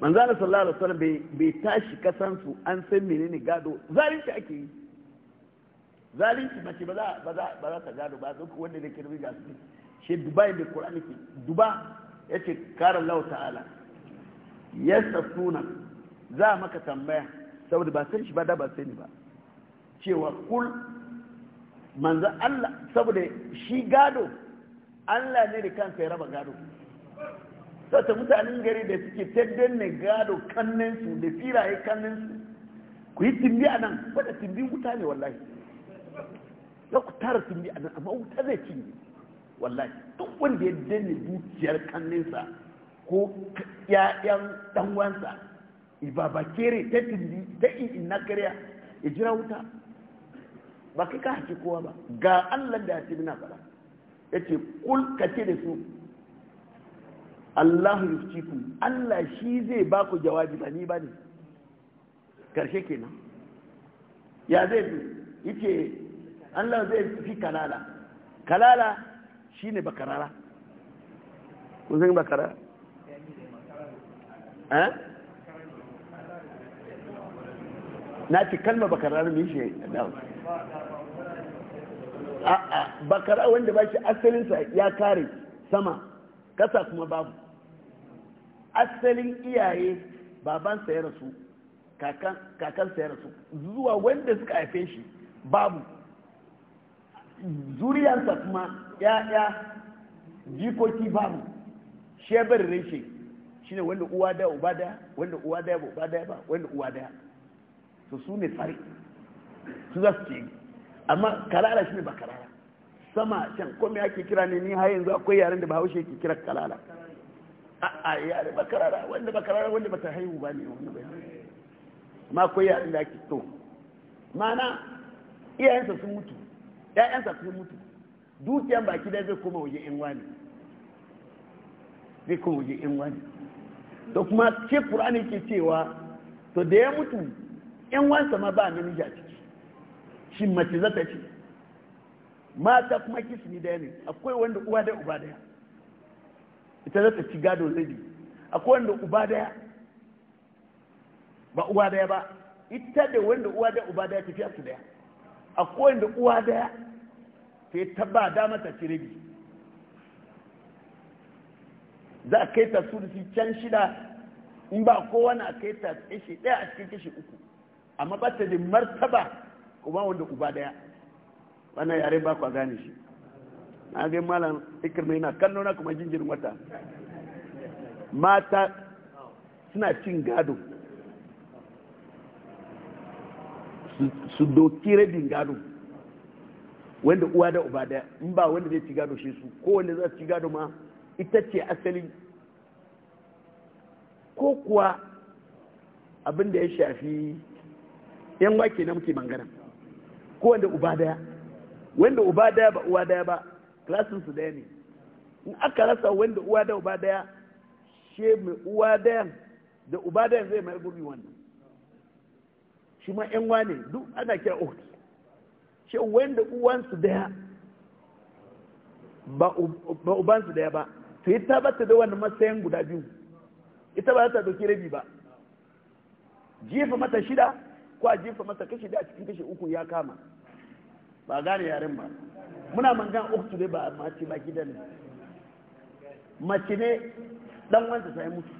manzana sallallahu alaihi wasallam bai tashi kasan su an san menene gado zalunci ake yi zalunci mace ba za ba za ba za ta gado ba duk wanda ne kirbi ga su shi duba da qur'ani ke duba yace kara Allah ta'ala yasafuna za maka tambaya saboda ba san shi ba da ba ni ba cewa kul manzo Allah saboda shi gado Allah ne da kansa ya raba gado sata mutanen gari da suke ta danne gado kannensu da firaye kannensu ku yi timbi a nan wadda timbi wuta ne wallahi ya ku tara timbi a nan amma wuta zai ci wallahi duk wanda ya danne dukiyar kannensa ko ya'yan danwansa ibaba kere ta timbi ta in na karya ya jira wuta ba kai ka haci kowa ba ga allah da ya ce bina fara ya ce kulkace da su allahu ku. allah shi zai ba ku jawabi ba ni ba ne karshe kenan ya zai fi yace allah zai fi kalala kalala shi ne bakarara kun san bakarara ha? Eh? na ci kalma bakarara mai shi da dawo. a'a bakara wanda ba shi asalinsa ya kare sama kasa kuma babu asalin iyaye babansa ya rasu kakansa ya rasu zuwa wanda suka haife shi babu zuriyansa kuma ya'ya jikoki babu shebar reshe shine wanda uwa da uba da wanda uwa da uba da ba wanda uwa da su su ne fari su za su ce amma kalala shi ne ba kalala sama can kome ake kira ne ni har yanzu akwai yaren da ba haushe ke kira kalala a yare ba kalala wanda ba kalala wanda ba ta haihu ba ne wanda ba amma akwai yaren da ake to mana iyayensa sun mutu ƴaƴansa sun mutu dukiyan baki da zai koma waje yan wani zai koma waje yan wani to kuma ce qur'ani ke cewa to da ya mutu yan wansa ma ba namiji a ciki cin mace za ta ci mata kuma kismi daya ne akwai wanda uwa daya uba daya ita za ta ci gado rabi akwai wanda uba daya ba uba daya ba ita da wanda uwa daya uba daya tafiya su daya akwai wanda uwa daya ta ta ba dama ta ci rabi za a kai ta da can shida in ba kowane a kai ta kashi daya a cikin kashi uku amma ba ta da martaba uba wanda uba daya wannan yare ba kwa gane shi na ga malam ikirma yana kallo na kuma jinjin wata mata suna cin gado su doki rabin gado wanda uwa da uba daya in ba wanda zai ci gado shi su ko wanda za su ci gado ma ita ce asalin ko kuwa abin da ya shafi yan wake na muke mangaran ko wanda uba daya wanda uba daya ba uwa daya ba klasin su daya ne in aka rasa wanda uwa daya uba daya she mai uwa daya da uba daya zai mai gurbi wannan shi ma yan wane duk ana kira uhud she wanda uwansu daya ba ubansu daya ba to ita ba ta da wannan matsayin guda biyu ita ba za ta doki rabi ba jefa mata shida ko a jefa masa kashi da cikin kashi uku ya kama ba gane yaren ba muna mangan uktu ne ba mace ba gidan mace ne dan wanda sai mutu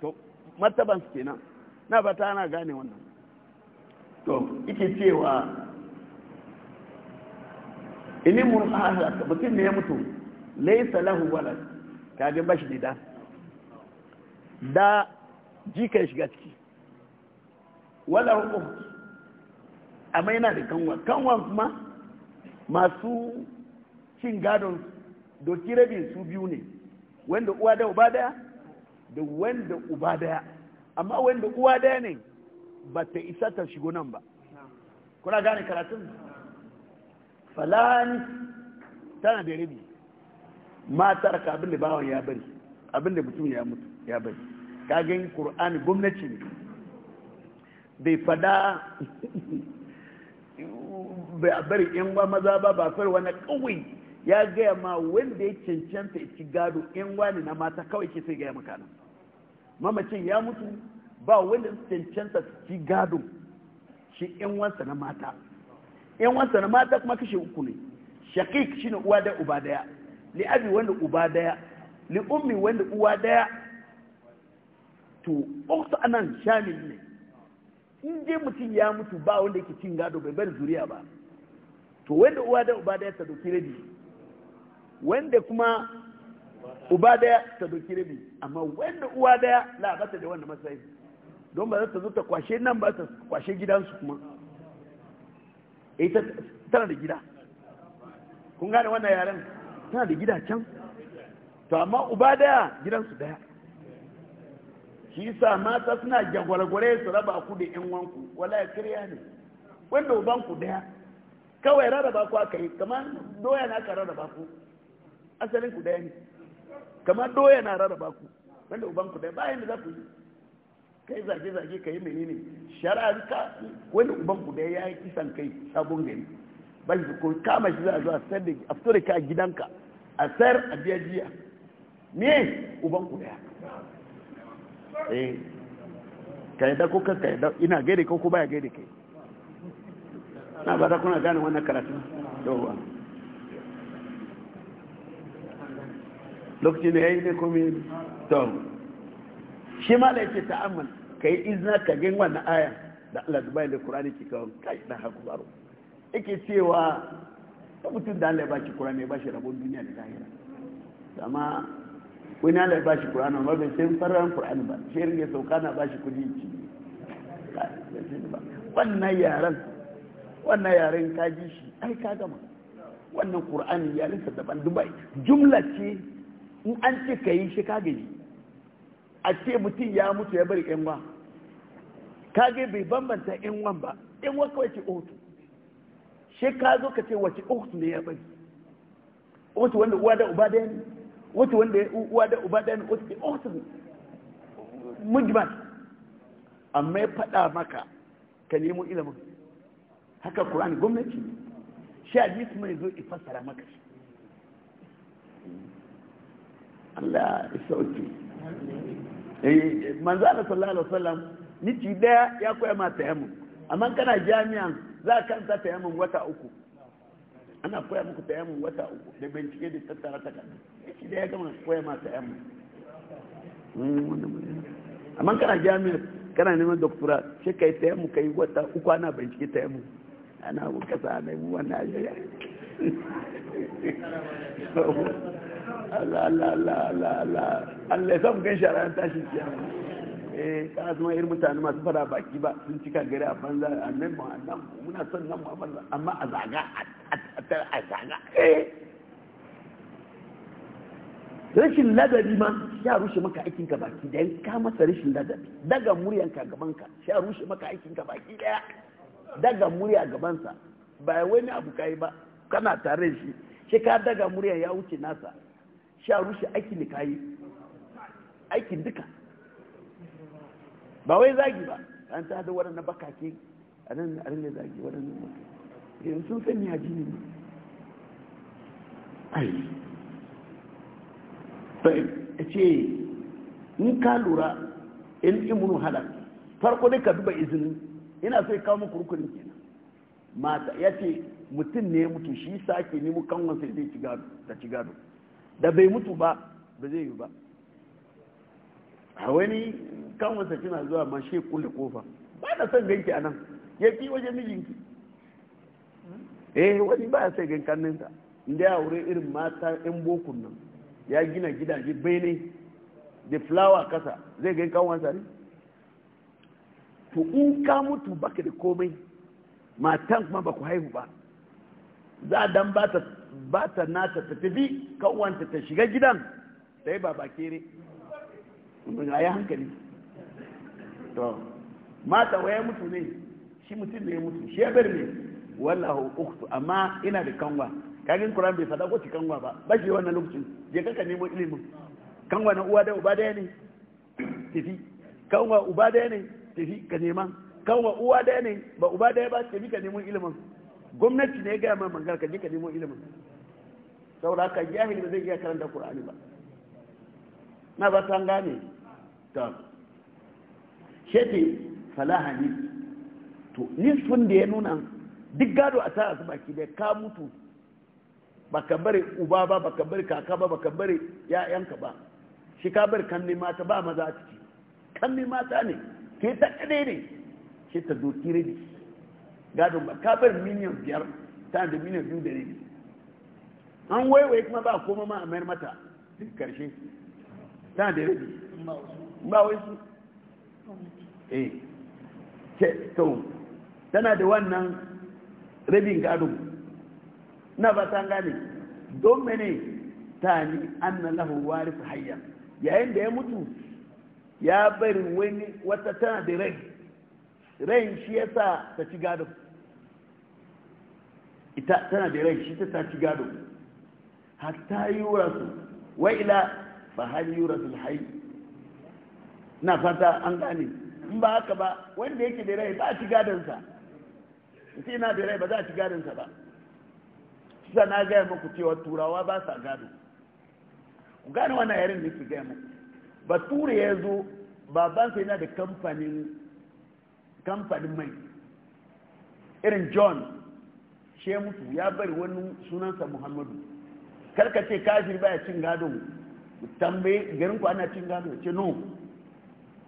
to martaban su kenan na ba ta ana gane wannan to ike cewa ini mun ahlaka mutum ne ya mutu laysa lahu walad kage bashi da da jikan shiga ciki wala hukum amma yana da kanwa kanwa kuma masu cin gadon doki rabin su biyu ne wanda uwa da uba daya da wanda uba daya amma wanda uwa daya ne ba ta isa ta shigo nan ba kuna gane karatun falani tana da rabi matar ka abin da bawan ya bari abin da mutum ya mutu ya bari ka gani ƙur'ani gwamnati ne bai fada bai bari yan wa maza ba ba fara wani kawai ya gaya ma wanda ya cancanta ci gado yan wani na mata kawai ke sai gaya maka nan mamacin ya mutu ba wanda ya cancanta ci gado shi yan wansa na mata yan wansa na mata kuma kashe uku ne shakik ne uwa da uba daya li abi wanda uba daya li ummi wanda uwa daya to ɓoksa anan shanin ne in dai mutum ya mutu ba wanda yake cin gado bai bar zuriya ba to wanda uwa da uba daya ta doki rabi wanda kuma uba daya ta doki rabi amma wanda uwa daya la bata da wannan matsayi don ba za ta zo ta kwashe nan ba ta kwashe gidansu kuma ta tana da gida kun gane wannan yaren tana da gida can to amma uba daya gidansu daya shi ma mata suna jagwargware su raba ku da yan wanku wala ya kirya ne wanda uban ku daya kawai rarraba ku aka yi kamar doya na aka rarraba ku asalin ku daya ne kamar doya na rarraba ku wanda uban ku daya bayan da za ku yi kai zage-zage ka yi menene shari'ar ka wani uban ku daya ya yi kisan kai sabon gari ba shi ko kama shi za a zo a sayar da a fito ka gidanka a sayar a biya jiya me uban ku daya eh ka yadda ko ka yadda ina gaida ko ko baya gaida kai na ba da kuna gane wannan karatu yawwa lokacin da ya yi ne kome to shi ma da yake ta'amman ka yi izina ka gan wannan aya da Allah dubai da Kur'ani ke kawo kai da haku baro yake cewa ta mutum da Allah ya bashi Kur'ani ya bashi rabon duniya da lahira amma wani ala ya bashi kur'ani ma bai sai farar kur'ani ba shi ringe sauka na bashi kudi ci wannan yaren wannan yaren ka ji shi ai ka gama wannan kur'ani yarinsa daban dubai jumla ce in an ce ka yi shi ka gani a ce mutum ya mutu ya bari yanwa kage bai bambanta yanwa ba yanwa kawai ce otu shi ka zo ka ce wace otu ne ya bari otu wanda uwa da uba da ne wata wanda ya uwa da uba da wata ke awesome mujman amma ya faɗa maka ka nemo ilimin haka kur'ani gwamnati shi hadisi mai zo ifasara maka shi Allah ya sauke eh, manzo Allah sallallahu alaihi wasallam niki daya ya koya ma tayammum amma kana jami'an za ka kanta tayammum wata uku ana koya muku tayammu wata uku da bincike da tattara kan shi da ya gama koya ma tayammu hmm, amma kana jami'a kana neman doktora shi kai tayammu kai wata uku ana bincike tayammu ana wuka sa na yi wannan ajiyar Allah Allah Allah Allah Allah Allah Allah Allah gan shi a Allah Allah Allah eh ka zama irin mutane masu fara baki ba sun cika gari a banza a nan mu nan muna son nan mu a banza amma a zaga a zaga eh rashin ladabi ma ya rushe maka aikin ka baki da ka masa rashin ladabi daga muryan ka gaban ka ya rushe maka aikin ka baki daya daga murya gaban sa ba wani abu kai ba kana tare shi shi ka daga murya ya wuce nasa sha rushe aikin da kayi aikin duka ba wai zagi ba an ta da waɗannan bakake a nan a rinne zagi waɗannan bakake yanzu sun sani a jini ne ai a ce in ka lura in imunu halar farko dai ka duba izinin ina sai kawo muku rukunin kenan mata ya ce mutum ne mutu shi sake nemo kanwan sai zai ta ci gado da bai mutu ba ba zai yi ba a wani wasa kina zuwa ma shi kulle kofa ba na son ganki a nan ya fi waje mijinki eh wani ba ya sai gan kanninsa inda ya wuri irin mata yan bokun nan ya gina gidaje bene da flawa kasa zai gan kanwarsa ne to in ka mutu baka da komai matan kuma ba ku haihu ba za a dan ba ta nata ta tafi kanwanta ta shiga gidan sai ba bakere a yi hankali to mata waya mutu ne shi mutum ne ya mutu shi ya bar ne wallahu ukhtu amma ina da kanwa kagin Qur'an bai fada kwaci kanwa ba ba shi wannan lokacin je kaka nemo ilimin kanwa na uwa da uba daya ne tafi kanwa uba daya ne tafi ka nema kanwa uwa daya ne ba uba daya ba tafi ka nemo ilimin gwamnati ne ya gaya ma mangar ka je ka nemo ilimin saboda haka jahili ba zai iya karanta Qur'ani ba na ba ta gane ta kefe falaha ne to nisfin da ya nuna duk gado a tara su baki da ka mutu baka bari uba ba baka bari kaka ba baka bari ya'yanka ba shi ka bari ne mata ba maza a ciki ne mata ne ke ta kade ne shi ta doki rabi gado ba ka bari miliyan biyar ta da miliyan biyu da rabi an waiwaye kuma ba koma ma a mayar mata duk karshe ta da rabi ba wai su eh to tana da wannan rabin gado na ba ta gane don mene ta ni anna lahu warif hayya yayin da ya mutu ya bari wani wata tana da rai rai shi yasa ta ci gado ita tana da rai shi ta ta ci gado hatta yurasu wa ila fa hal yurasu hayy na fata an gane in ba haka ba wanda yake da rai ba a ci gadonsa sai na da rai ba za a ci gadonsa ba sa na gaya muku cewa turawa ba sa gado ku gane wannan yarin da ke gaya muku ba ture ya zo babansa yana da kamfanin kamfanin mai irin john she mutu ya bari wani sunansa muhammadu karka ce kafir baya cin gado tambaye garin ku ana cin gado ce no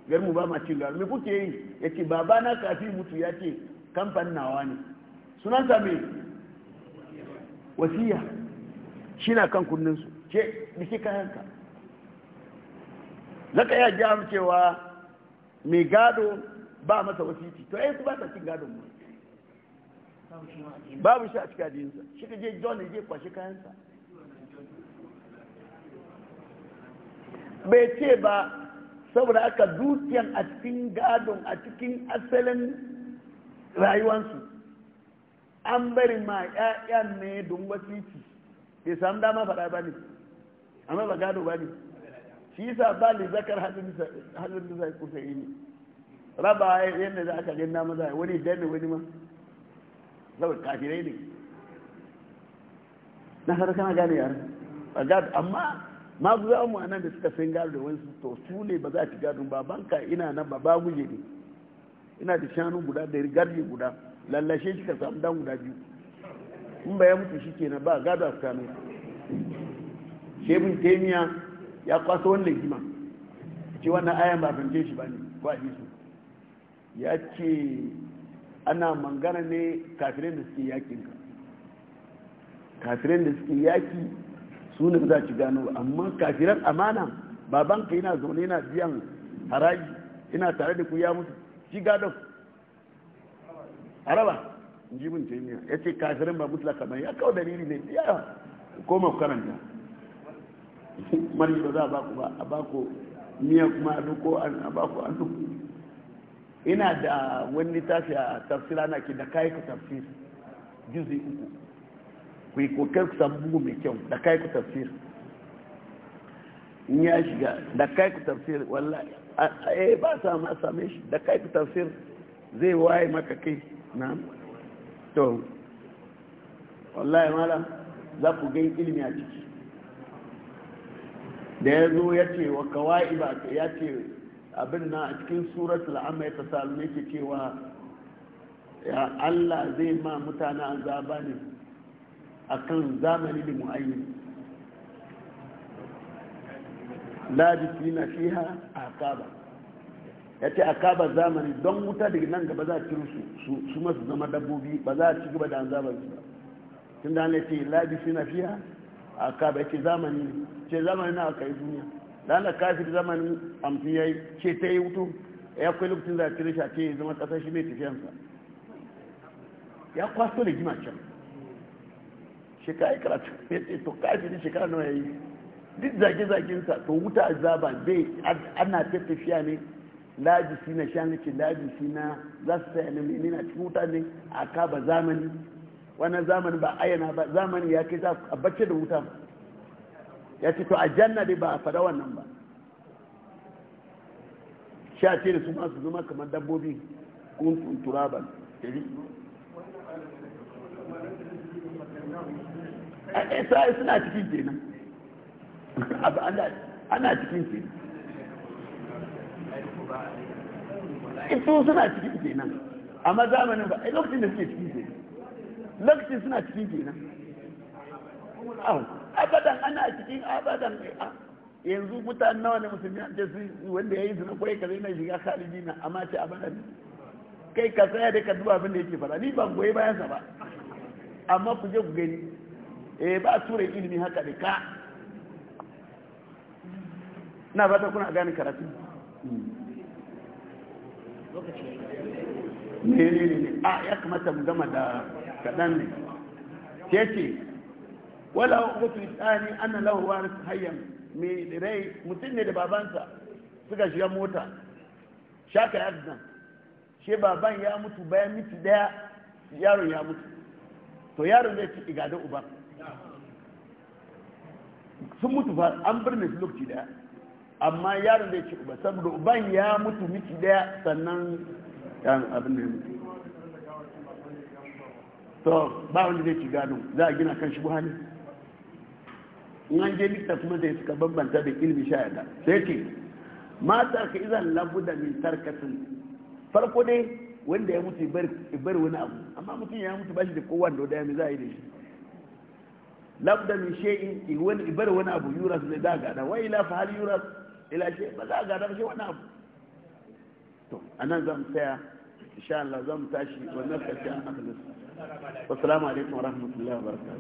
gar mu ba ma cin gado me kuke yi yace baba na kafin mutu ya ce kamfanin nawa ne sunan sa me wasiya shi na kan kunnin su ce dike kayan ka zaka ya ja cewa mai gado ba masa wasiti to ai ku ba ta cin gado mu babu shi a cikin adininsa shi ka je john je kwashe kayansa bai ce ba saboda aka dukiyan a cikin gadon a cikin asalin rayuwansu an bari ma 'ya'yan ne don wasiki bai samu dama faɗa ba ne amma ba gado ba ne shi yasa ba ne zakar halin da zai kusa yi ne raba yadda za aka gani maza za wani danne wani ma saboda kafirai ne na sarakana kana gane yara ba gado amma masu za mu anan da suka san gado da wani to su ne ba za ki ci ba banka ina nan ba babu ne ina da shanu guda da garbi guda lallashe shi ka samu dan guda biyu in ba ya mutu shi ke na ba gado a tsakanin shebin temiya ya kwaso wani legima ce wannan ayan ba fahimce shi ba ne ko a su ya ce ana mangana ne kafirin da suke yakin ka kafirin da suke yaki su ne za ki gano amma kafiran amana babanka yana zaune yana biyan haraji ina tare da ku ya mutu shi gado araba in ji mun taimiya ya ce kafirin ba mutu kamar ya kawo dalili ne ya koma karanta mari ba za a baku ba a baku miya kuma a duk a baku a duku ina da wani tafiya a tafsira na ke da kayi ka tafsir juzi uku ku yi kokarin ku samu bugu mai kyau da kai ku tafsir in ya shiga da kai ku tafsir wallahi eh ba sa ma same shi da kai ku tafsir zai waye maka kai na to wallahi malam za ku ga ilimi a ciki da ya zo ya ce wa kawai ba ya ce abin na a cikin suratul amma ya tasalme ke cewa Allah zai ma mutane azaba ne akan zamani da mu'ayyin labisi na fiha akaba ya ce akaba zamani don wuta daga nan gaba za a ciro su su masu zama dabbobi ba za a ci gaba da an su ba tun da ana ce labisi na fiha akaba ya ce zamani ce zamani na aka yi duniya da ana kafin zamanin amfi ya ce ta yi wuto ya kwai lokacin za a cire shi a ce zama ƙasar shi mai tafiyansa ya kwaso da gima can shi karatu ne ce to ne shekara nawa ya yi duk zage-zagensa to wuta azaba bai ana ta tafiya ne labisi na shanici labisi na za su tsaya na mene na cikin wuta ne a kaba zamani wannan zamani ba ayyana ba zamani ya kai za a bacce da wuta ya ce to a janna dai ba a fada wannan ba sha ce da su masu zama kamar dabbobi kuntun turaban isra'il suna cikin kenan abu ana cikin kenan ito eh, suna cikin kenan amma zamanin ba eh, lokacin da suke cikin kenan lokacin suna cikin kenan abadan ana cikin abadan eh, yanzu mutane nawa ne musulmi an ce wanda ya yi zina kwaye kare na shiga khalidi na amma ce abadan kai ka tsaya da ka duba abin da yake fara ni ban goyi bayansa ba amma ku je ku gani E ba ture ilimi haka da ka na ba ta kuna gani karatu ne ne ne a ya kamata mu gama da kaɗan ne ke ce wala hukutu isani ana lahuwa na hayan mai rai mutum ne da babansa suka shiga mota shaka ya zan, she baban ya mutu bayan miti daya yaron ya mutu to yaron zai ci igadar uban sun mutu fa an birne su lokaci daya amma yaron da ya ci uba saboda uban ya mutu miki daya sannan yan abin da ya mutu to ba wanda zai ci gado za a gina kan shi buhari in an je kuma zai suka bambanta da ilmi sha yada sai ce matar ka izan labu da min tarkatin farko dai wanda ya mutu bar wani abu amma mutum ya mutu ba shi da kowa da ya mai za a yi da shi labda min shay'in wani ibar wani abu yuras ne da ga da wa ila fa hal yuras ila shay ba za ga da shi wani abu to anan zan tsaya insha Allah zan tashi wannan kace an akhlis assalamu alaikum wa rahmatullahi wa barakatuh